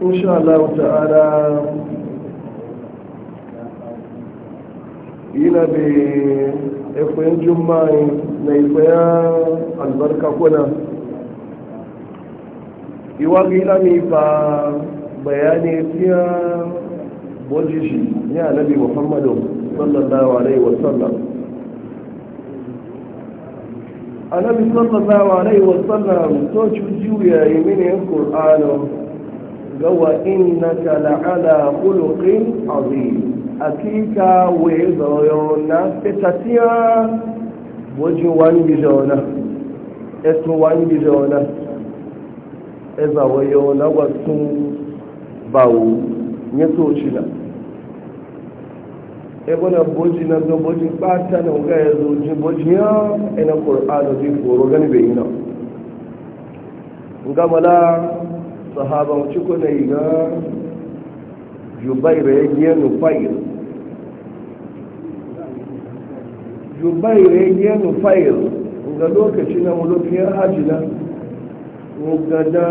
insha Allah ta'ala yana da ikwayen juma'i na ikwayen albarka kuna iwa gina mi fa bayani fiya bojishi ya nabi muhammadu sallallahu alaihi wasallam annabi sallallahu alaihi wasallam to ci juya yi mini qur'anin ga wa innaka la'ala khuluqin azim akika wee zoyo na fitatiya wajin wani bijona eto wani bijona eza wayo na wasu bawu ya soci na ebona na zo boji pata na ga ya ji ya ina qur'anu bi foro gani be ina sahaba wuce na yi ga jubair ya giya nufair jubair ya giya nufair ga lokaci na mulkiyar hajjina gada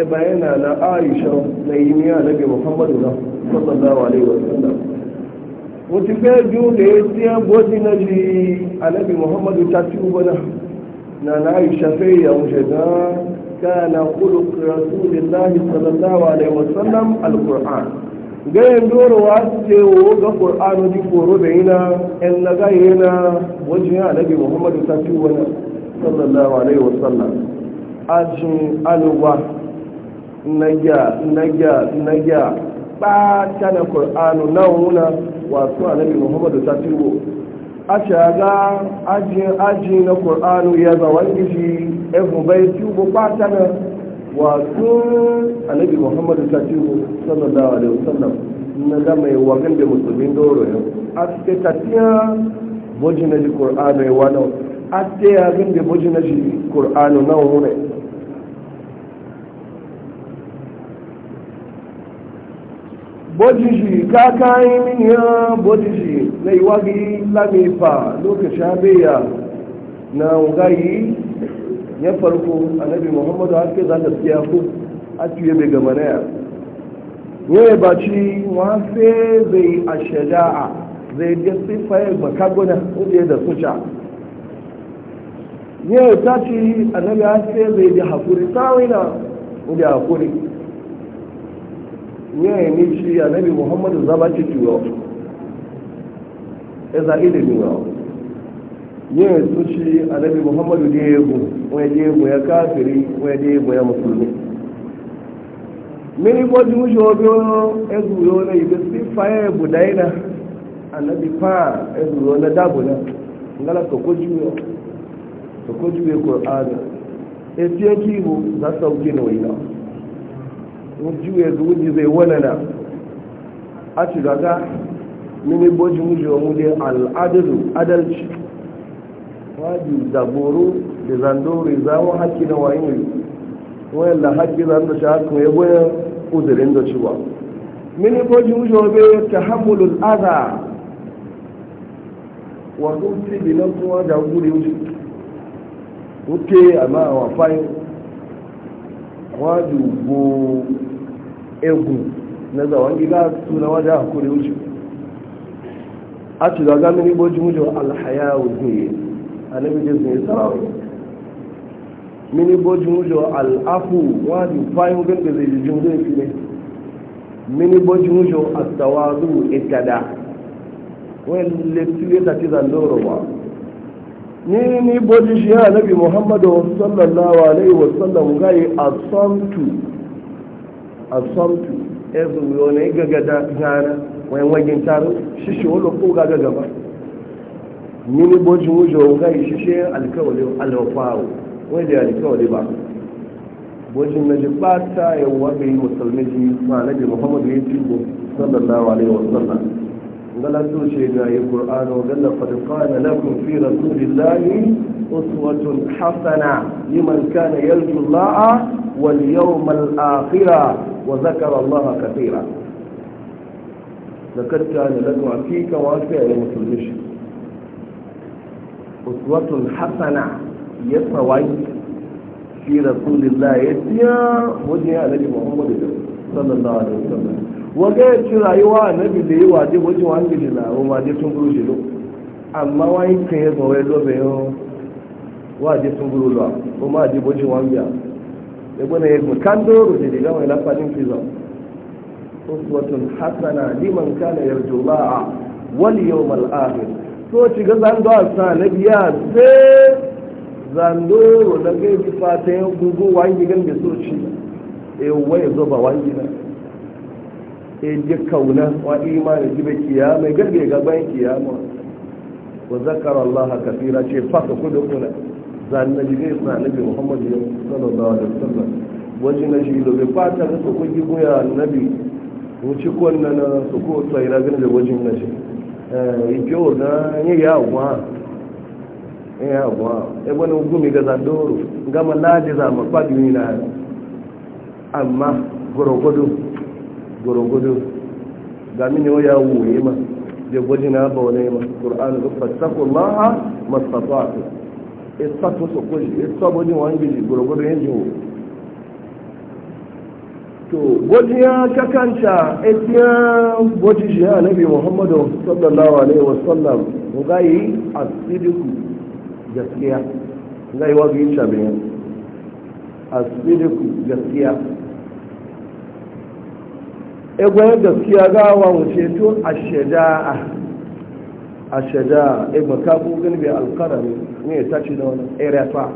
e bayana na aisha na yi na nabi muhammadu na sallallahu alaihi wasallam wata gaju da ya siya gwaji na ji a nabi muhammadu ta ci ubana na na aisha fe ya wuce na كان خلق رسول الله صلى الله عليه وسلم القرآن gayen wa ce wo ga ƙur'anu di koro da yana ɗan na gaya yana wajen annabi muhammadu ta ci wani sallallahu alaihi wasallam ajin alwa naja naja naja ba ta na ƙur'anu na wuna wasu annabi muhammadu ta ci wo a shaga ajin ajin na ƙur'anu ya zawon gishi ehubai tubu kwata na wato annabi muhammadu ta tubu sallallahu alaihi wasallam na da mai wagan da musulmin doro yau a suke yẹn boji na ji ƙur'anu ya wani a ta yi abin da boji na ji ƙur'anu na wune boji shi ka kayi min ya boji shi na yi lamifa lokacin abiya ya farko annabi muhammadu haske za ta siya ku a tuye bai gama na ya yau ba ci wafe zai a shada'a zai ga sifaye bakaguna inda da suca yau ta ci annabi haske zai ga hakuri na inda hakuri yau ni shi annabi muhammadu zaba ci tuwa ya za ilimin yau yau su ci annabi muhammadu da ya yi wọ́n dé ìbò ya káfìrí wọ́n dé ìbò ya mùsùlùmí. mini bọ́jú mú ṣọ́bí ẹgbù yóò lè yìí sí fáyẹ̀ daina dáìnà ànábì fáà ẹgbù yóò lè dáàbò náà ngala sokoju yọ sokoju yẹ kọ ààrẹ etí ẹkí ìbò zásà ju a ti mini da zandori za mu haƙƙi na wayin yi wayan da haƙƙi za mu shi haƙƙi ya goya uzurin da ciwa mini ko ji mujo be ta hamulul aza wa kuti bi nan kuma da guri wuce wuce amma a wafayin waju go egu na zawon gida suna wajen hakuri wuce a ci zaga mini ko ji mujo alhaya wuce a nan bijin sun sarawai mini boji wujo al'afu wani fayin gan da zai jijin zai fi ne mini boji wujo astawazu itada wani lefi ya tafi zandoro ba ni ni boji shi ya nabi muhammadu sallallahu alaihi sallam gai asamtu asamtu ezu yone da gana wani wagin taro shi shi wani ko gaga gaba mini boji wujo gai shi shi alkawali alwafawo wai da yari kawai ba wajen na ji bata yawa ga yi musulmi ji ma nabi muhammadu ya ci ko sallallahu alaihi wasallam ngala to ce ga yi qur'ani wa dalla qad qala lakum fi rasulillahi uswatun hasana liman kana yarju allaha wal yawmal akhira wa zakara allaha katira لقد كان لكم فيك وفي المسلمين أسوة حسنة ya tsawai shi rasulullah ya tiya wajen ya alaji muhammadu da sallallahu alaihi wasallam ya ci rayuwa annabi da yi waje wajen wani da waje tun guru shi amma wani kan ya zawai lobe yau waje tun guru kuma waje wajen wani ya kan doro da mai uswatun hasana liman kana yarjullaha wal yawmal akhir so ci ga zan nabiya sai zandoro na gaibi fata ya gugu wangi gan da so ci e eh, waye zo ba wangi na e eh, je kauna wa imani jibe kiyama gan da ga bayan kiyama wa zakara Allah kafira ce fasa kudu kuna zan na jibe sa nabi Muhammad sallallahu alaihi wasallam waje na shi lobe fata da so kuji goya nabi ci konna na su ko tsayira gan da wajin na shi e eh, ko na yayi yawa Eh, ya abuwa ya eh, bane gumi ga zandoro gama laji zama fadi na amma gorogodo gorogodo ga mini ya wuye ma da gwaji na ba wani ma ƙur'anu ga fasakun ma'a mastafatu ita eh, to su kuli ita gwaji wani gidi gorogodo ya jiwo to gwaji ya kakanta ita gwaji shi ya nabi muhammadu sallallahu alaihi wasallam ga yi asidiku gaskiya zai yiwa biyu shabiyan asidiku gaskiya egwaye gaskiya ga wa wuce tun a shaida a shaja'a e maka gugin alkara ne ne ya tashi da wani erefa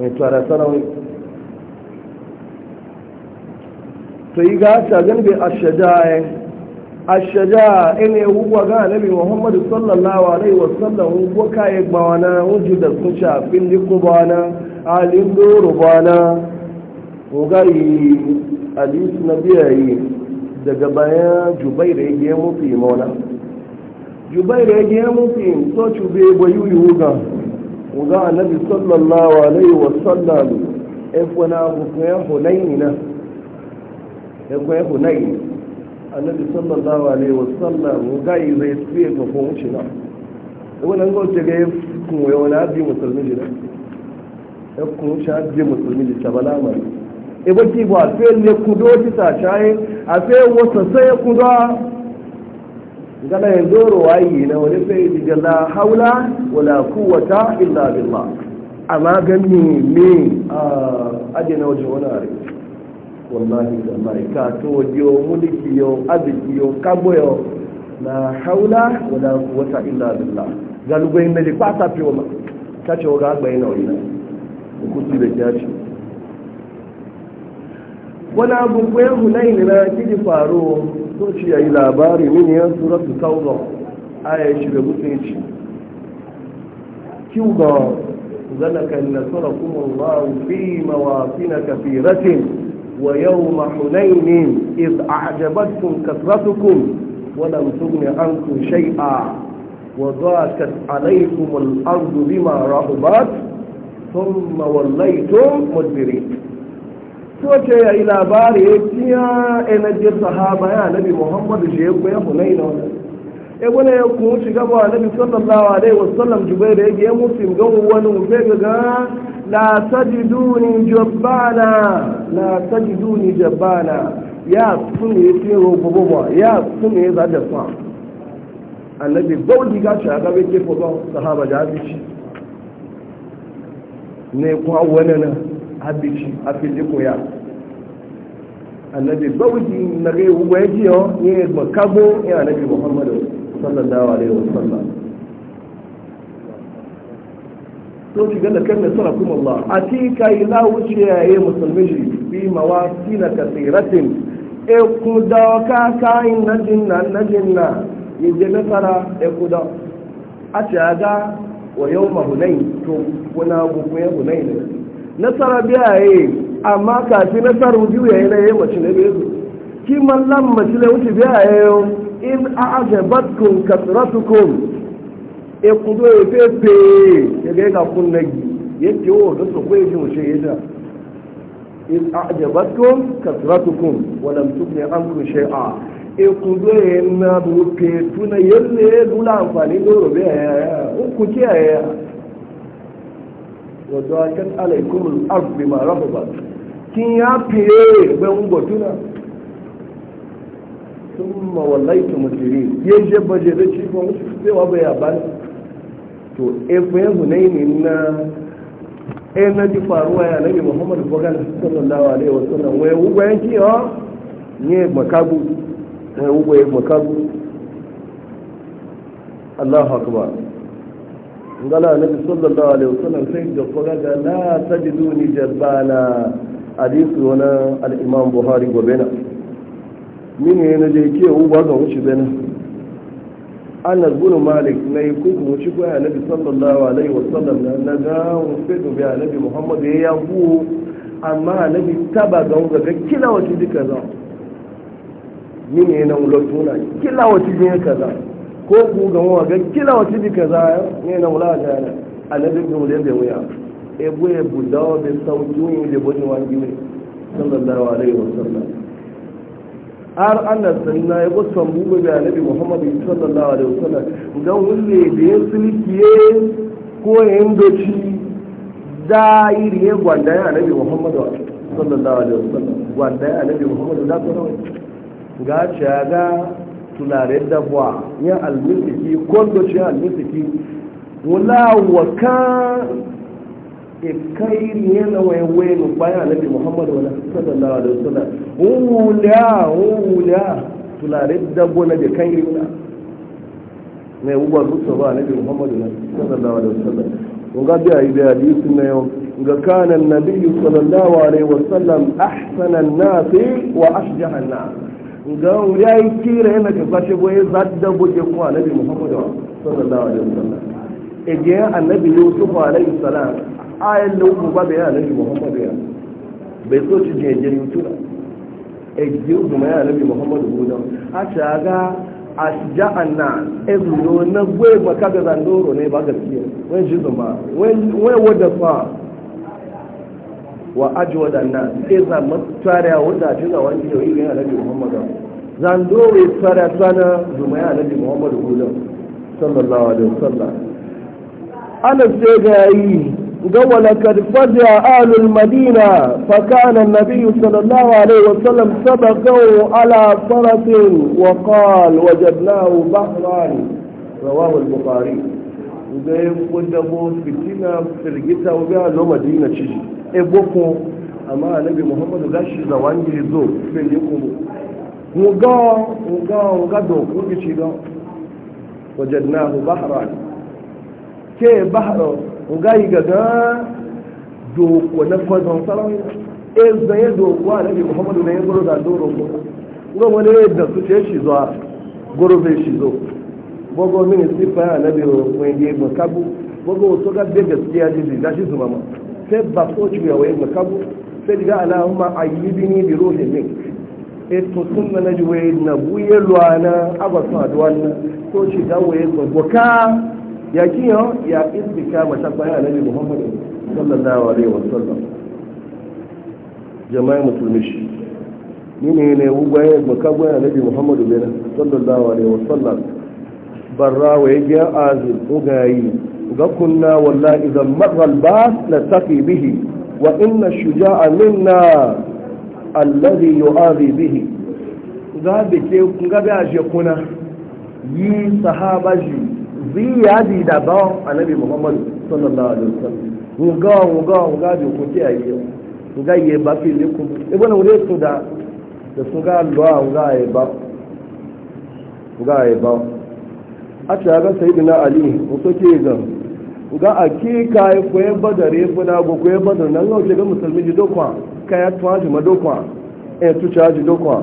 mai tara sarawai to yi ga shagan bai a ya ashaja ene wuwa ga annabi muhammadu sallallahu alaihi wasallam ko kaye gbawana wuji da su shafin likubana alin doro bana ugayi hadisi na biyayi daga bayan jubair ya ge mufi mona jubair ya ge mufi so cube bayu yuga uga annabi sallallahu alaihi wasallam efuna hukuyen hunaini na hukuyen hunaini annabi sallallahu alaihi sallam gai zai tsaye ga kun wuce na wannan ga wuce ga kun waya wani abin musulmi ne ya kun wuce abin musulmi ne ta bala ma e ba a ba sai ne ku do ti ta shaye a sai wasa sai ku da gana yanzu ruwayi na wani sai ji la haula wala quwwata illa billah amma gani me a ajina wajen wani arewa wallahi wallahi ka to yo mulki yo aziki yo kabo yo la haula wala quwwata illa billah galugo inda le pata pe wala ka ce ga gba ina ina ku ci da kyaci wala abu ko ya hunaini na kiji faro to ci yayi labari min ya suratu tauba aya shi da mutunci kiwa zalaka an nasarakum allah fi mawatin kathiratin ويوم حنين إذ أعجبتكم كثرتكم ولم تغن عنكم شيئا وضاقت عليكم الأرض بما رهبت ثم وليتم مدبرين توجه إلى باري يا إنجي الصحابة يا نبي محمد جيب يا حنين ebona ya kuma shiga ba annabi sallallahu alaihi wasallam jubair ya ge musu ga wani mu لا تجدوني جبانا لا تجدوني جبانا يا سني تيرو بوبوا يا سني زاد صام النبي بودي غاشا غابي كيفو باو صحابه جابيش ne kuma wannan habici a filiko ya annabi bauji na gai ubaiji yau ne makago ya annabi muhammadu sallallahu alaihi wasallam sun shiga da kan nasara kuma Allah a ti ka yi la wuce ya yi musulmi shi bi mawasi na kasiratin e ku da ka kai na jinna na jinna in je nasara e ku da a ce wa yau ma hunai to kuna ya hunai ne nasara biya yi amma kafin nasarar biyu ya yi na yi mace na biyu Ki lan mace na wuce biya yi in a ajabatkum kasratukum ekun tó yẹ fẹ́ pèé gẹ́gẹ́ ka fún nagi yẹ tí ó wọ́n sọ pé ìṣe òṣè yẹ dà is àjẹbàtún kàtúrátùkùn wàlàmtùkùn àǹkùn ṣe à ekun tó yẹ nà bó pè túnà yẹ lè lula àǹfààní lóru bẹ́ẹ̀ ó kù kí ẹ̀ yà wọ́dọ̀ akẹ́kọ̀ọ́ aláìkún kí n pèé bẹ́ẹ̀ ń bọ̀ túnà to efe hunaini na e na ji faruwa ya nabi muhammadu bogana sallallahu alaihi wasallam wai ugwa yanki o oh, ne makabu wai ugwa ya makabu allahu akbar ngala nabi sallallahu alaihi wasallam sai da fogaga la tajiduni jabbana hadisu wani al'imam buhari gobe na mini ne na je ke ugwa ga wuce bena anas bin malik na yi kuku wuce kuwa ya nabi sallallahu alaihi wasallam na na bi nabi muhammad ya ya amma nabi taba ga wuga ga kila wula tuna kila kaza ko ku ga wuga ga kila ne na wula yana har annas sanna ya gusa mu ga annabi Muhammad sallallahu alaihi wasallam dan wulle da ya sulkiye ko yin doci da iri ya gwanda ya annabi Muhammad sallallahu alaihi wasallam gwanda ya annabi Muhammad da ko ga shaga tunare da bwa ya almisiki ko doci almisiki wala wa kan ikairi yana wayewayen bayan annabi muhammadu wani sallallahu alaihi wasallam wula wula tulare dabo na e, da kan yiwuna mai wuba rusa ba annabi muhammadu na sallallahu alaihi wasallam kun ga biya yi biya biyu sun yau ga kanan nabi sallallahu alaihi wasallam ahsanan fi wa ashjahan nas ga ya yi kira yana ka kwashe boye za ta dabo ke kuma annabi muhammadu sallallahu alaihi wasallam ejiyan annabi yusuf alaihi salam ayan da uku ba bai annabi muhammadu ya bai so ci jejen yutura ejiyo kuma ya annabi muhammadu gudan a ci a ja'an na ezuyo na gwe maka ga zandoro ne ba gaskiya wani ji zuma wani wadda fa wa aji sai za mutare a wadda ci ya tsare a tsana muhammadu gudan قول قد فزع أهل المدينة فكان النبي صلى الله عليه وسلم سبقه على فرس وقال وجدناه بحرا رواه البخاري وقال يقول موت في الجيتا وبيع اللي هو مدينة تشيجي ايه بوكو اما النبي محمد غشي زواني يزور من يقوم وقا وقا وقا دوك وقا وجدناه بحرا كي بحرا nga yi gaga doko na kwazon sarawai e zaye doko a nabi muhammadu na yin goro da doro ko nga wani da su ce shi zuwa goro zai shi zo gogo mini sifa ya nabi wani da yin makabu gogo wato ga bai gaskiya ji da shi zuma ma sai ba so ci ya wayin makabu sai diga yi ayyibini bi ruhi mink eto sunna na juwe na buye lwana abasan adwana so ci da wayin gogo ka ya kiyo ya istika mata bayan annabi muhammad sallallahu alaihi sallam jama'a musulmi shi ni ne ne bayan maka bayan annabi muhammad bin sallallahu alaihi wa sallam. barra wa yajiya azil ugayi ga kunna wallahi idan marra al-bas la taqi bihi wa inna ash-shuja'a minna alladhi yu'adhi bihi ga bike kun ga bi aje kuna yi sahabaji ziyaji da bawon annabi muhammadu sallallahu alaihi wasallam wuga wuga wuga bi ku ti ayi wuga ye ba fi le ku e bona wure to da da su ga lwa wuga ye ba wuga ye ba a ta ga sayyidina ali ko to ke ga wuga akika ye ko ye badare ko da go ko ye badar nan ga ga musulmi ji dokwa kaya tuwa ji madokwa e tu cha ji dokwa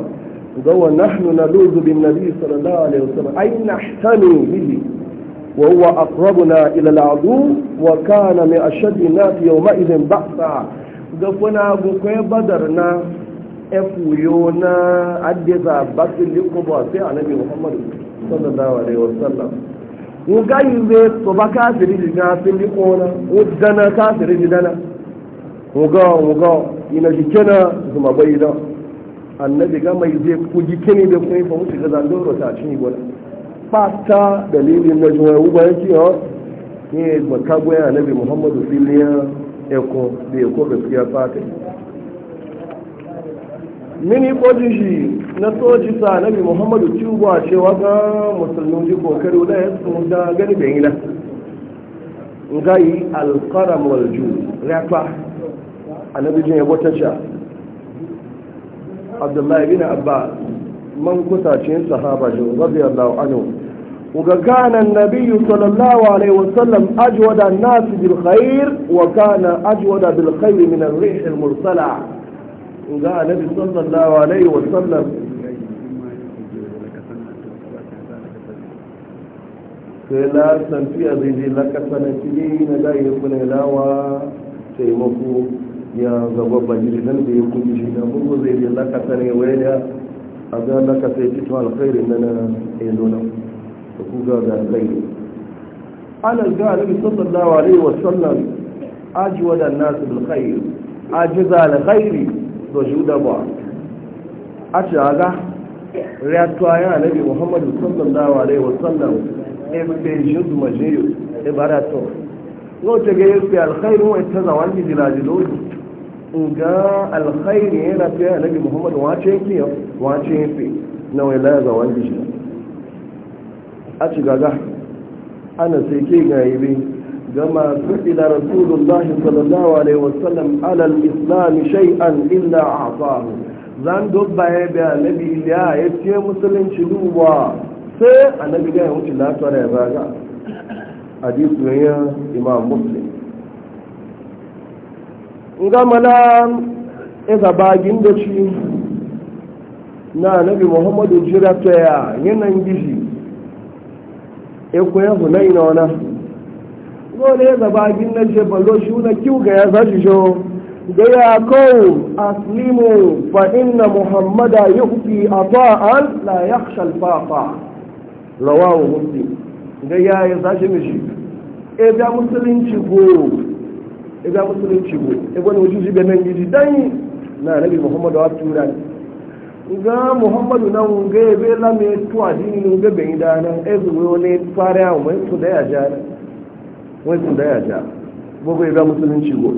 wuga wa nahnu naluzu bin nabi sallallahu alaihi wasallam ay nahtami bihi وهو أقربنا إلى العدو وكان من أشد الناس يومئذ بأسا دفنا بكي بدرنا أفويونا أجزا بس لكم واسي على نبي محمد صلى الله عليه وسلم وقاي زي صبا كافري جنا في لكونا ودنا كافري جنا وقا وقا إن جكنا ثم بيدا النبي قام يزيب كجكني بكي فمسي غزان دور وتعشيني بولا fata dalili na juwa uba yake yawa ne baka goya muhammadu filiya eko da eko gaskiya fata mini kojin shi na soji sa nabi muhammadu a cewa ga musulmin ji kokari da ya sun da gani bayi na ngai alqaram wal ju rafa annabi jin ya sha abdullahi bin abba man kusacin sahaba jin radiyallahu anhu وكان النبي صلى الله عليه وسلم أجود الناس بالخير وكان أجود بالخير من الريح المرسلة وقال النبي صلى الله عليه وسلم فلا سنفي أبيدي لك سنتين لا يكون إلاوى تيمكو يا زبابا جيدا بيكون جيدا زيدي لك سنوين أقول لك سيتيتو الخير إننا إلونا da kuga da zai alal ga alabi sallallahu alaihi wasallam ajiwa da nasu bil khair ajiza da khairi to juda ba a ci aga riyatuwa ya alabi muhammadu sallallahu alaihi wasallam ebe judu majiyu ibarato e yau ta ga yake alkhairu wai ta zawon gidilajiloji ga alkhairu e yana fiye alabi muhammadu wace yake wace yake na wai la zawon gidilajiloji a ci gaga ana sai ke gaye bi gama su'ila rasulullah sallallahu alaihi wasallam alal al-islam shay'an illa a'tahu zan dubba ya bi annabi ya yace musulunci duwa sai annabi ga wuce lafiyar ya zaga hadisu ya imam muslim gama na iza bagin da shi na annabi muhammadu ya yanayin gishi ya ekwe huna ina wana ne ya zaba ginin ce ballo shi na kiw ga ya zashi sho da ya kawo aslimu fa inna muhammada yuhti ata'an la yakhsha al-faqa rawahu muslim da ya ya zashi mishi e ga musulunci go e ga musulunci go e gwani wujuji benin gidi dan na nabi muhammadu wa turan ga muhammadu na wunga ebe bai na tuwa dini ne wunga bai dana ezuwe wani fara yawon wai su da ya ja na su da ya ja bugu ya musulunci go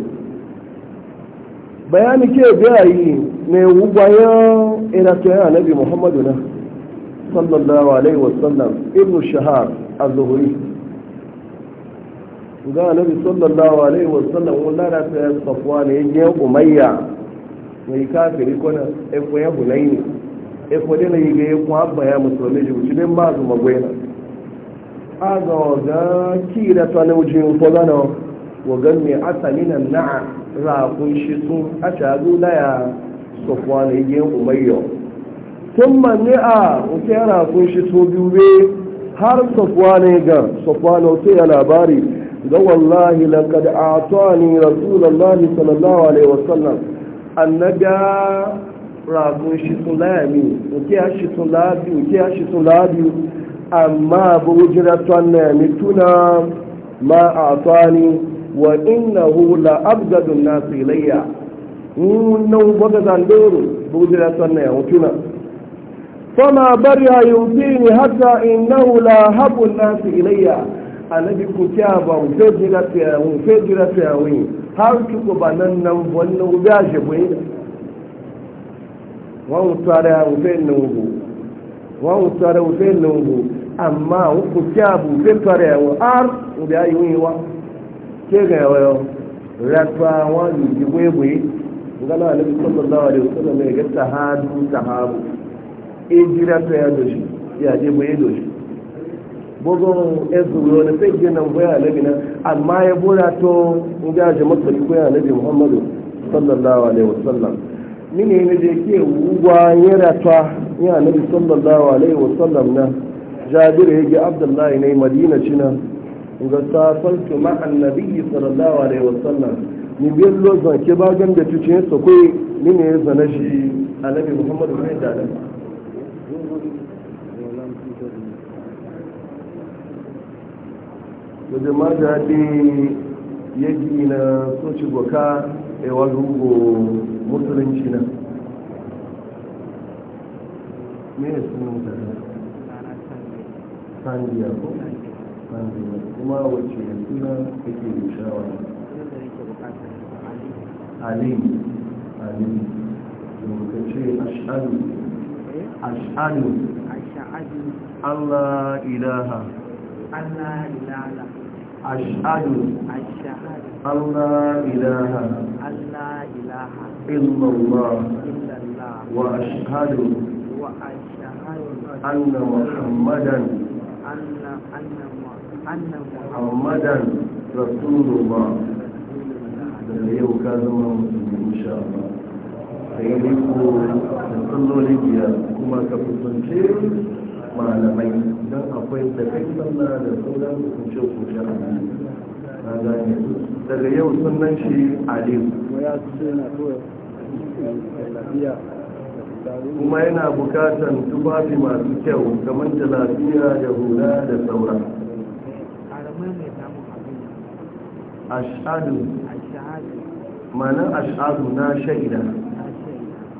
bayani ke biya yi ne wugwayen iratoyen muhammadu na sallallahu alaihi wasallam ibnu shahar az sallallahu alaihi wasallam na umayya na yi kafiri kwana ekwe ya hunayi ekwe dai na yi ga ekwe abba ya musulmi ji wuce dai ba su magwena a ga waga ki da ta na wuce yin na wagan mai asali na na'a rakun shi sun a shazu na ya sofuwa na yi yin umayyo tun manne a wuce ya rakun shi so biyu har sofuwa ne ga sofuwa na wuce ya labari ga wallahi lakad atani rasulullahi sallallahu alaihi wasallam annaga ragun shi layami oke ya shi sun labi oke ya shi labi amma abu wujira tun na tuna ma a tuwani wa inna hula abgadun na tsilayya nunan baka zandoro bu wujira tun na yami tuna fama bari a yi ni hatta innahu la habun na ilayya anabi ku kya a mu fe jira a mu fe jira fiya wi har ki ko ba nan nan wannan u ba je boye wa mu tare a mu fe nan u wa mu tare u fe nan u amma u ku kya bu fe tare wa ar u ba yi wa ke ga yo rafa wa ni ji boye boye anabi sallallahu alaihi wasallam ya ga tahadu tahabu e jira do shi ya je do shi bugun ezuro da sai gina goya alabi nan amma ya bura to in ga ji masari goya alabi muhammadu sallallahu alaihi wasallam mini ne da yake wuwa ya rata ya alabi sallallahu alaihi wasallam na jabir ya ji abdullahi ne madina cina ga safaltu ma annabi sallallahu alaihi wasallam ni biyar lozan ke bagan da tuce ne kai mini ya zana shi alabi muhammadu ne da alabi wajen ma da ya gina na soci goka a walugo musulunci na me ya sunan Sandi sandiya ko sandiya kuma wacce ya suna ake da shawara alim alim da ce ash'adu ash'adu Allah ilaha Allah ilaha أشهد أن لا إله إلا الله وأشهد أن محمدا محمدا رسول الله دليل كذا إن شاء الله Sayyidiku, Nasrullah Libya, Kumar Kaputun Cil, Malamain. idan akwai da kai sallah da sauran hukunce hukunce a na gane daga yau sunan shi alim kuma yana bukatan tufafi masu kyau kamar lafiya da hula da sauran ashadu mana ashadu na shaida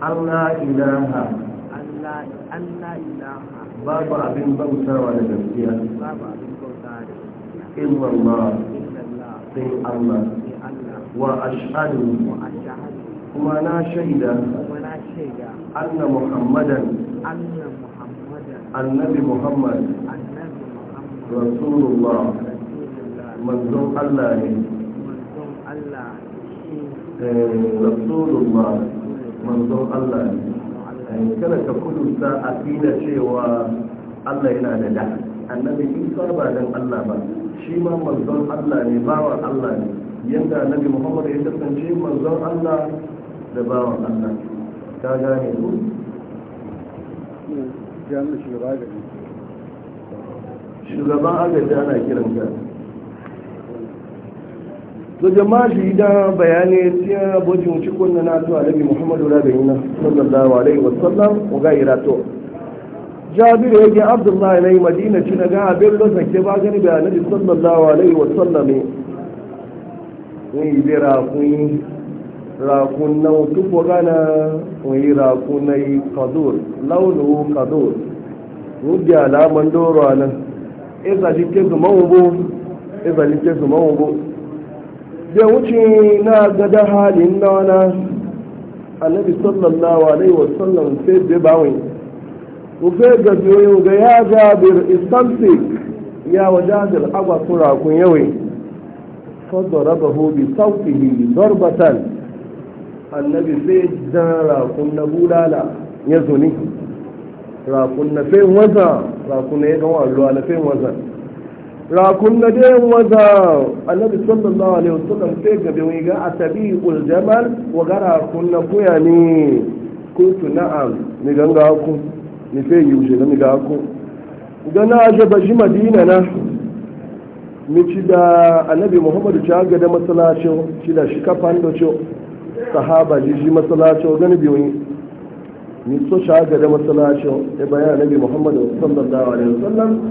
an la ilaha anna ilaha babu abin bautawa da gaskiya babu abin bautawa da gaskiya illallah sai Allah wa ashhadu kuma na shaida anna muhammadan annabi muhammad rasulullah manzon Allah ne rasulullah manzon Allah ne kada ka kudusa a fina cewa Allah yana da da annabi isa ba don Allah ba shi ma manzon Allah ne bawan Allah ne yanda annabi Muhammad ya kasance manzon Allah da bawan Allah ka gane ku shugaban agaji ana kiran ka to jama'a shi da bayani tiya abokin cikon na nato alabi muhammadu rabin sallallahu alaihi sallam ko ga irato jabir yake abdullahi na madina ci na ga abin da sake ba gani da annabi sallallahu alaihi wasallam ne ni bi rakun rakun na tuko gana ni rakun na qadur launu qadur rubi alaman doro anan iza jike su mawubo iza jike su mawubo bai wuce na gada halin na wani annabi sallallahu alaihi wasallam sai bai bawai ku fai ga biyoyi ga ya jabir istamsi ya waje da agwa kura kun yawai fadda raba hobi sauki zarbatan annabi sai dan rakun na budala ya zuni rakun na fai waza rakun na ya gawa ruwa na fai waza rakun na dai waza annabi sallallahu alaihi wasallam sai gabe wai ga asabi ul jamal wa gara kun na kuya ne kuntu na'am ni ganga ku ni sai yushe na mi ga ku dan na aje bashi madina na mi ci da annabi muhammadu ci ga da masallacin ci da shi kafan da ci sahaba ji shi masallacin gani biyu ni so shi ga da masallacin e bayan annabi muhammadu sallallahu alaihi wasallam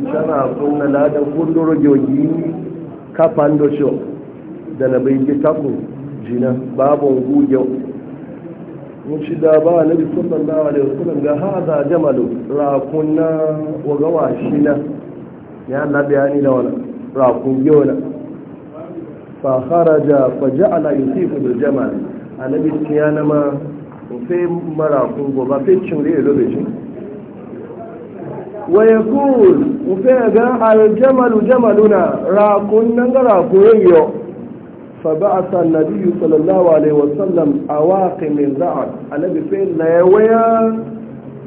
tana sunna ladan kundoro jogi kafan dosho da na bai ji taku jina babu guje mun shi da ba na bi sallallahu alaihi wasallam ga hada jamalu rakunna wa gawashina ya Allah bayani da wannan rakun yona fa kharaja fa ja'ala yusifu bil jamal annabi tiyana ma fe marakun goba fe cin da yalo da shi ويقول وفيها الجمل جملنا راكن نغراكن يو فبعث النبي صلى الله عليه وسلم أواقي من رعد النبي فين لا يويا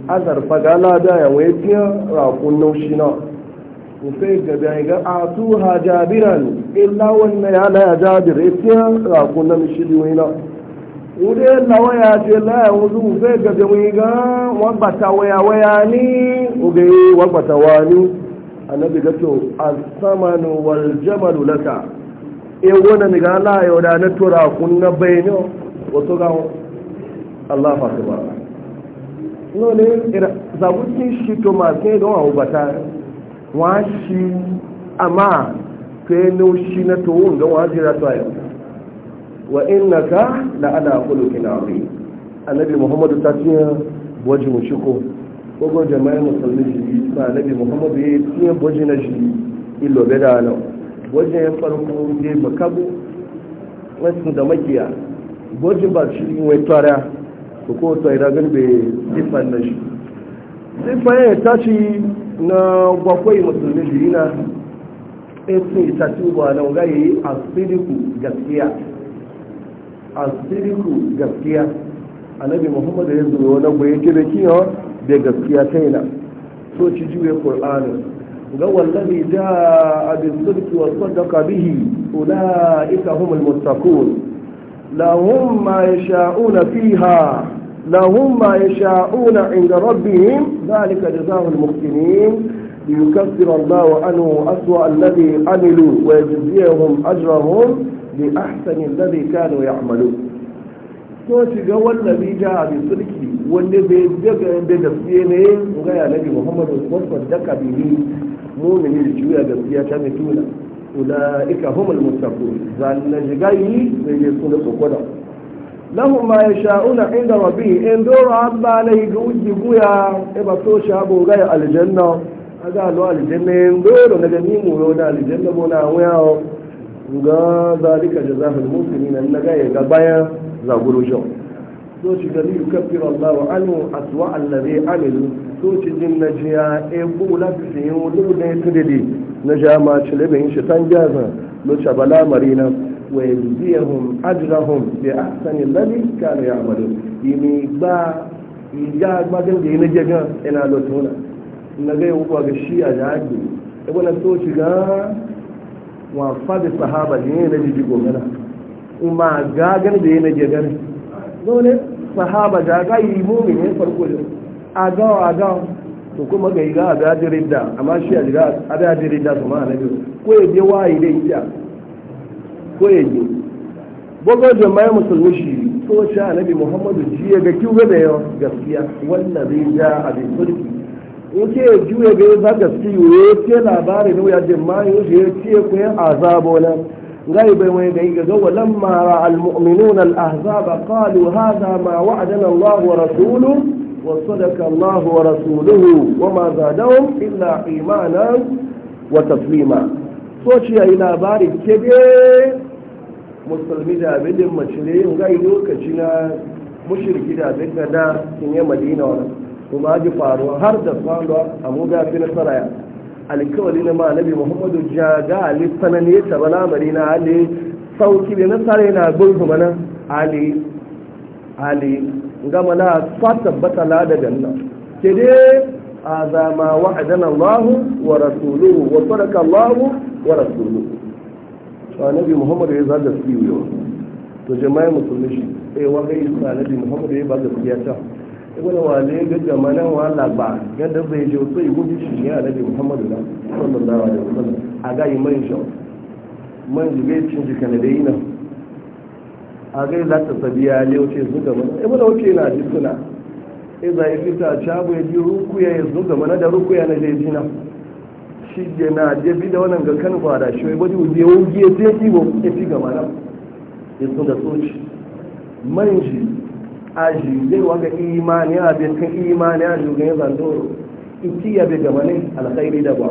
أذر فقالا دا يويتيا راكن نوشنا وفيها بيها أعطوها جابرا إلا وإن يا جابر إتيا راكن نمشي وينا wúdé làwọ́yà ti láàrin tó fẹ́ gẹ̀gẹ̀ mú igán wọ́n gbàtà wẹ́yàwẹ́yà ní oge wọ́n gbàtà wa ní annabi gato alsamanu wal jamalu laka ewu na mi gana yau da na tura kun na bayani wato gawo allah fasu ba no ne zagutin shi to masu yi gawa ubata wa shi amma kai nau shi na towun wa jira to a yau wa innaka la ala khuluqin azim annabi muhammadu ta boji shiko gogo jama'a musulmi ba annabi muhammadu ya tiya boji na shi illo be da nan boji ya farko ne makabu wasu da makiya boji ba shi wai tara ko ko to gan be sifan na shi sifan ya tashi na gwakwai musulmi na e na gaskiya asiriku gaskiya annabi muhammad ya zo wani bai yake da kiyo da gaskiya ta yana so ci juya qur'ani ga da abin bisidqi wa saddaqa bihi ulaika humul muttaqun lahum ma yasha'una fiha lahum ma yasha'una 'inda rabbihim zalika dhalika jazaa'ul muhsinin ليكفر الله عنه أسوأ الذي عملوا ويجزيهم أجرهم bi ahsanin ladhi kanu amalo to shiga bi ja bi sulki wanda bai daga da fiye ne ga ya nabi muhammadu wasu daga bihi mu'mini da juya gaskiya ta mituna ulaika humul muttaqun zanna shiga yi zai je suna kokoda lahum ma yasha'una inda rabbi in dora abba lai ga uji buya e ba so shago ga aljanna aga lo aljanna in dora na ga ni mu yo da aljanna na wuya ga zalika jazahul muslimina na ga ya ga bayan zaguru jau so ci gari yukaffir Allahu anhu aswa allazi amilu so ci din na jiya e bu la fi yin wudu ne tudidi na ma ci le bin shaitan jaza lo cha marina wa yajzihum ajrahum bi ahsani allazi kanu ya'malun yimi ba yiga gbagan da yana jaga ina lo tona na ga yau ga shi a jaji ibn e so ci ga wa fadi sahaba ne na jiji gomina ma gagar da yana gagar dole sahaba da ga yi mumi ne farko da a ga to kuma ga da da dirida amma shi a da da dirida su ma annabi ko ya je wayi da ita ko ya je bogo mai musulmi shi so shi annabi muhammadu ji ga kiwa da yau gaskiya wannan zai ja abin sulki yake juya ga za ga siyo ya ce labari ne ya je ma yau ya ce ku yin azabo nan gai bai wai ga ga walan ma al-mu'minuna al-ahzaba qalu hadha ma wa'adana Allah wa rasuluhu wa sadaqa Allah wa rasuluhu wa ma zadahum illa imanan wa taslima so ci yayi labari kebe musulmi da bidin mace ne gai lokaci na mushriki da bidda da kinye madina wannan kuma ji faruwa har da faruwa a muga fi nasara ya alkawali na ma nabi muhammadu jaga ali sanan ya taba lamari na ali sauki da nasara yana gulhu mana ali ali gama na fata batala da ganna ke dai a zama wa'adan allahu wa rasuluhu wa sadaka allahu wa rasuluhu a nabi muhammadu ya zaga su to jama'a musulmi shi eh wa kai isa nabi muhammadu ya ba gaskiya ta wani wale ga jamana wala ba yadda zai je so yi gudu shi ya nabi muhammadu na sallallahu alaihi wasallam a ga yi man shi man jigai cin jikan da dai nan a ga za ta sabiya le wace su ga mana ibn e, wace na ji suna e za yi fita chabu ya ji rukuya ya zo ga mana da rukuya na dai jina shi je na je bi da wannan ga kan ba da shi wani wuje wuge ya ce ki bo ya ci ga mana ya sun da soci man ji aji zai waga imani a birkin imani a jirgin zandoro iti ya bi gaba ne alkhairi da ba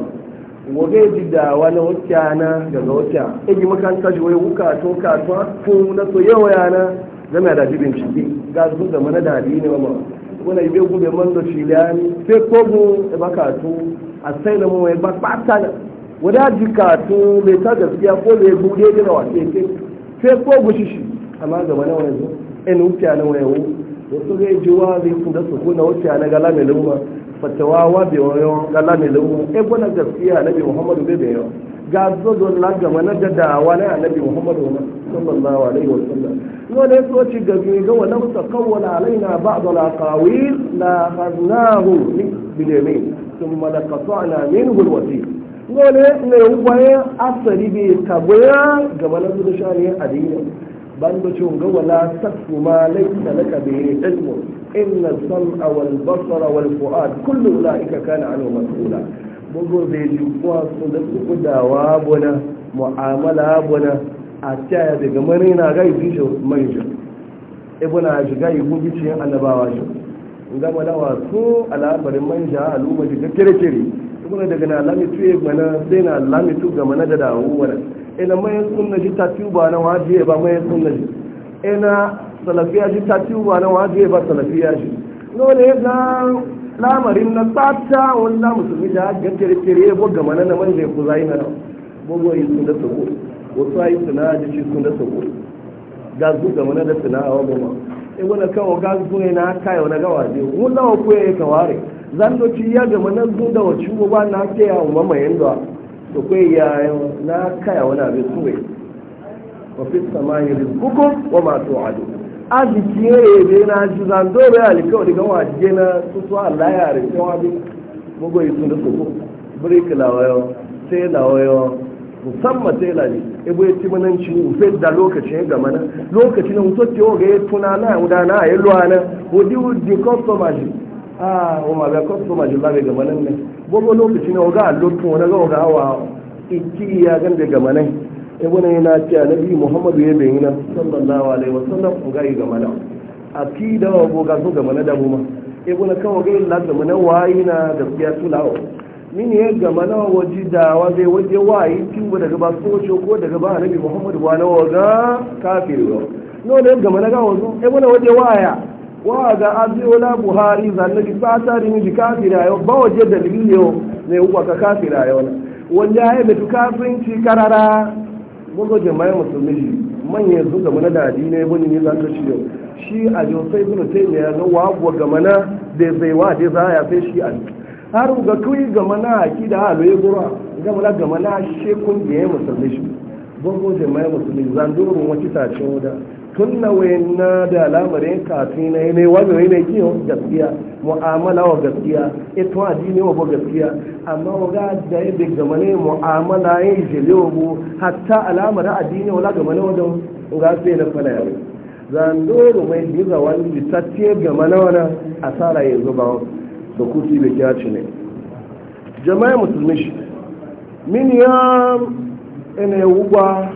waga ji da wani wacce na daga wacce egi makanta ji wai wuka to katuwa tun na so yawa yana zama da jibin shi ga su zama na dadi ne ba wani ibe gube man da shi da yani? sai kogo da bakatu a sai da mawai ba kpata na wadda jikatu mai ta gaskiya ko mai bude da wace sai kogo shi shi amma gaba na wani zuwa in wuce na wayawu da su zai ji wa zai kun da su kuna wuce na gala mai lumma fatawa wa bai wayo gala mai lumma e gwana gaskiya nabi muhammadu bai bai yawa ga zozon lagama na wa na annabi muhammadu na sallallahu alaihi wa sallam wanda ya ci ga ga wala ta kawwala alaina ba'd al aqawil la khadnahu bi yamin thumma laqata'na minhu al wasi wanda ne waye asari bi kabaya gaba na zuwa shari'a adiyya bando ga wala tasfu ma laisa laka bi ilmu inna sam'a wal basara wal fu'ad kullu ulaika kana anhu mas'ula bugo be juwa su da su dawa bona mu'amala bona a taya daga mani na gai bisho mai jo ibuna shiga yi gugiciyar annabawa shi gama da wasu al'amarin manja al'umma shiga kere-kere ibuna daga na lamitu ya mana sai na lamitu ga mana da dawo wadanda ina mayan sunna ji ta tuba na wajiye ba mayan sunna ji ina salafiya ji ta tuba na wajiye ba salafiya ji dole ga lamarin na tsata wanda musulmi da ga kirkire ko ga mana na manje ku zai na bugo yi sun da sabo wasu ayi suna da shi sun da sabo ga zu ga mana da suna awa goma in e wani kan ga zu ne na kai wani gawa waje mun lawa ku ya kaware zan doci ya ga mana zu da wacin ba na ke ya umma mai to kai yayin na kaya wani abin suwe wa fi samani rizqukum wa wa'adu tu'adu aziki ye yi na ji zando bai aliko diga wa je na tutu a ya re ko abi mugo yisun da soko break lawayo sai lawayo musamman sai lari ebo ya ci manan ci ufe da lokacin ga mana lokacin mutotti o ga ya tunana ya yi ya na hudu wodi customer a o ma bɛ kɔsɔ ma jula bɛ gama nan ne bɔbɔ lokaci ne o ga wani ga o ga awa iki ya gan da gama nan e wani yana ce annabi muhammadu ya bayi na sallallahu alaihi wasallam o ga yi gama nan akida wa bo ga so gama nan da mu e wani kawo ga illa gama nan wayi na gaskiya tulawo min ya gama na waje dawa zai waje wayi tiwo daga ba soce ko daga ba annabi muhammadu wa na waga kafiri no ne gama na ga wazo e wani waje waya wa ga abiola buhari zannabi fata rin ni kafira yo ba waje da yau ne uwa ka kafira yo ne. wanda ya yi kafin ci karara gogo jama'i musulmi manyan su gama na dadi ne bani ne zan kashi yau shi a josai bin taimi ne ga wabuwa ga mana da zai wa da za ya sai shi an har ga kai ga mana aki da halu ya gura ga mana ga mana shekun da ya musulmi shi gogo jama'i musulmi zan durin wata tashin wadda tun na na da lamarin kafi na yi ne wani wani kiyo gaskiya mu'amala wa gaskiya ito addini wa ba gaskiya amma wa ga da yi bi gama ne mu'amala ya yi jele wa bu hatta alamar addini wala gama ne wajen ga sai da fana yawon zandoro mai biza wani bitacce gama na wani asara ya zuba da kuti da ci ne jama'a musulmi shi min ya ene ya wuba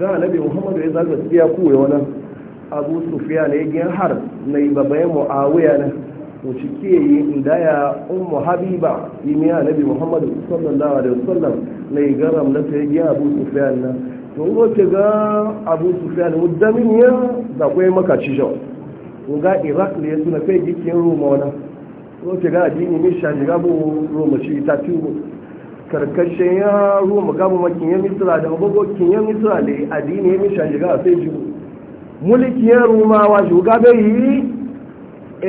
ga nabi muhammadu ya zaga tsiya kuwa wani abu sufiya na yagin har na ibabayin mu'awiya na wuce ke yi inda ya umu habiba yi miya nabi muhammadu da alaihi wasallam na yi garam na ta yagin abu sufiya na to wace ga abu sufiya na muddamin ya zakwai makaci jau ga iraq ne suna kai gikin roma wani wace ga adini mishan ga bu roma shi ta tubo karkashin ya ruwa makamu makin ya misira da kin ya misira da adini ya misha shiga a sai jiru mulki ya rumawa shuga bai yi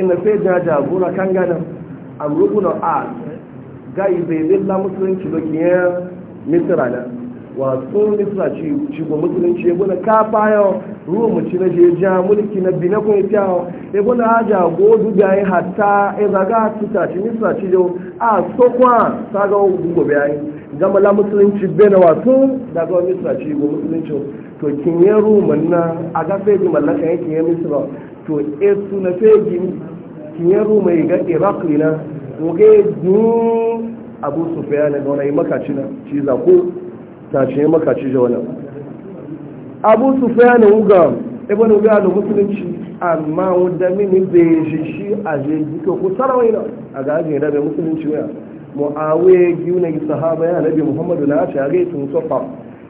ina sai da jagora kan gana a rukuna a ga ibe zai musulunci dokin ya na wato nisa ci ci go musulunci ya gona ka fayo ruwa mu ci na je ja mulki na bi na ko ya tawo gona haja go duga yi hatta e zaga tuta ci ci jo a so kwa ta ga go be ai gama la musulunci be na wato da ga nisa ci go to kin ya na a ga fe mallaka yake ya to e su na fe kin ya mai ga na mu ga abu tashe maka da jawana abu su faya na wuga ebe na wuga da musulunci amma wadda mini bai shi shi a je ko ku sarawai na a ga rabe musulunci waya mu'awiya giyu na sahaba ya nabi muhammadu na ce a gai tun sofa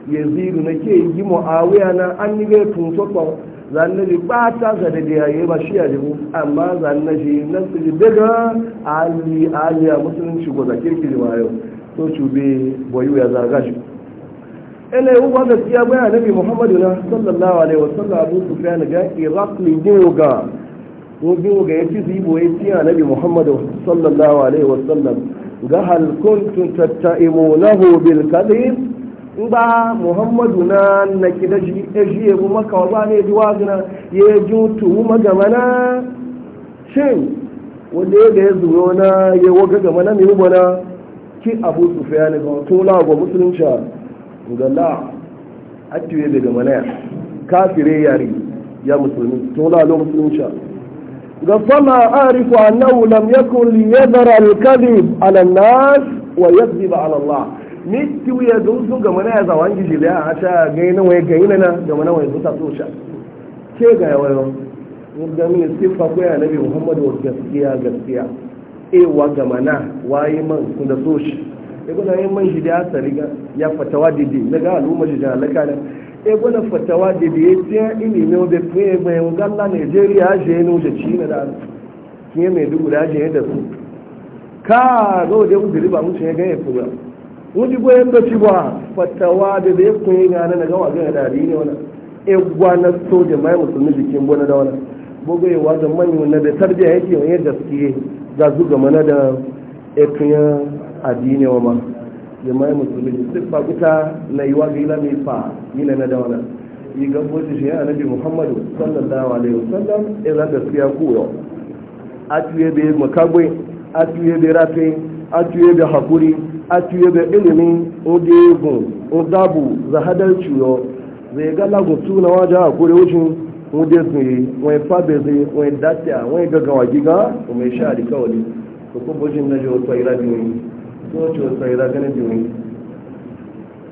ziru na ke yi mu'awiya na an yi gai tun sofa zanne ji ba ta ga da yayi ba shi a jibu amma zanne ji nan su daga ali ali a musulunci ko kirkiri ma yau to cube boyu ya zarga shi ina yi uba gaskiya bai nabi muhammadu na sallallahu alaihi wa sallam abu sufyan ga iraq ne biyo ga ko biyo ga yace su yi boye ci annabi muhammadu sallallahu alaihi wa sallam. ga hal kuntum tattaimunahu bil kadhib ba muhammadu na na kida shi ejiye mu maka wa ne duwa gina ya jutu mu magamana shin wanda ya ga ya zuwa na ya waga gamana mai ubana ki abu sufyan ga tola ga musulunci ga a tiwe daga manaya kafire yari ya musulmi to la lo musulmi sha ga fama arifu annahu lam yakun li yadhara al kadhib ala nas wa yakdhib ala allah ni ya dusu ga manaya za a sha a ina waye wai ina na ga manaya wai zuta so sha ke ga yawo ga min sifa ko ya nabi muhammadu gaskiya gaskiya e wa ga mana waye man kun da so shi ya gwana yin man shida ya riga ya fatawa dede na ga al'ummar da jana lakanin ya gwana fatawa dede ya tiya ne wadda fiye mai ngalla nigeria ya shi ne wuce ci na da kiye mai dubu da ya da su ka ga wajen wuce riba mutum ya ganye fuga wuce goyon da ci ba fatawa da da ya kunye gane na gawa gane da ne wani ya gwana soja mai musulmi jikin gwana da wani bugayewa da manyan na da tarbiyya yake wani yadda suke ga zuga mana da ya addini wa ma mai musulmi duk ba kuta na yi wa gila mai fa yi na dawana yi ga boji shi ya nabi muhammadu sallallahu alaihi wasallam ila gaskiya koyo a tuye bai makagwai a tuye bai rafe a tuye bai hakuri a tuye bai ilimin odegun odabu zahadar ciyo zai ga lagun tuna wajen hakuri wucin wunde sun yi wani fabe zai wani datya wani gaggawa giga mai sha da kawai ko kuma bojin na jiwo tsayi rabi ne sojo sai da ganin jini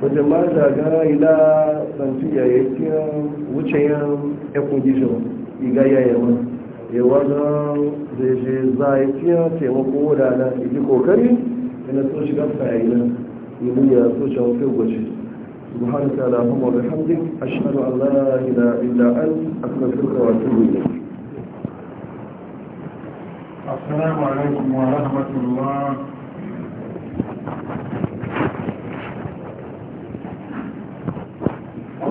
wajen ma da ga ila sanci ya yi tiyan wucin ekun gizo iga yayawa yawa zan zai je za a yi fiye taimako da na iji kokari yana so shiga fayayi na ibu ya so can fi gwaci da hamdi وبحمدك أشهد أن لا إله إلا أنت أستغفرك وأتوب إليك السلام عليكم ورحمة الله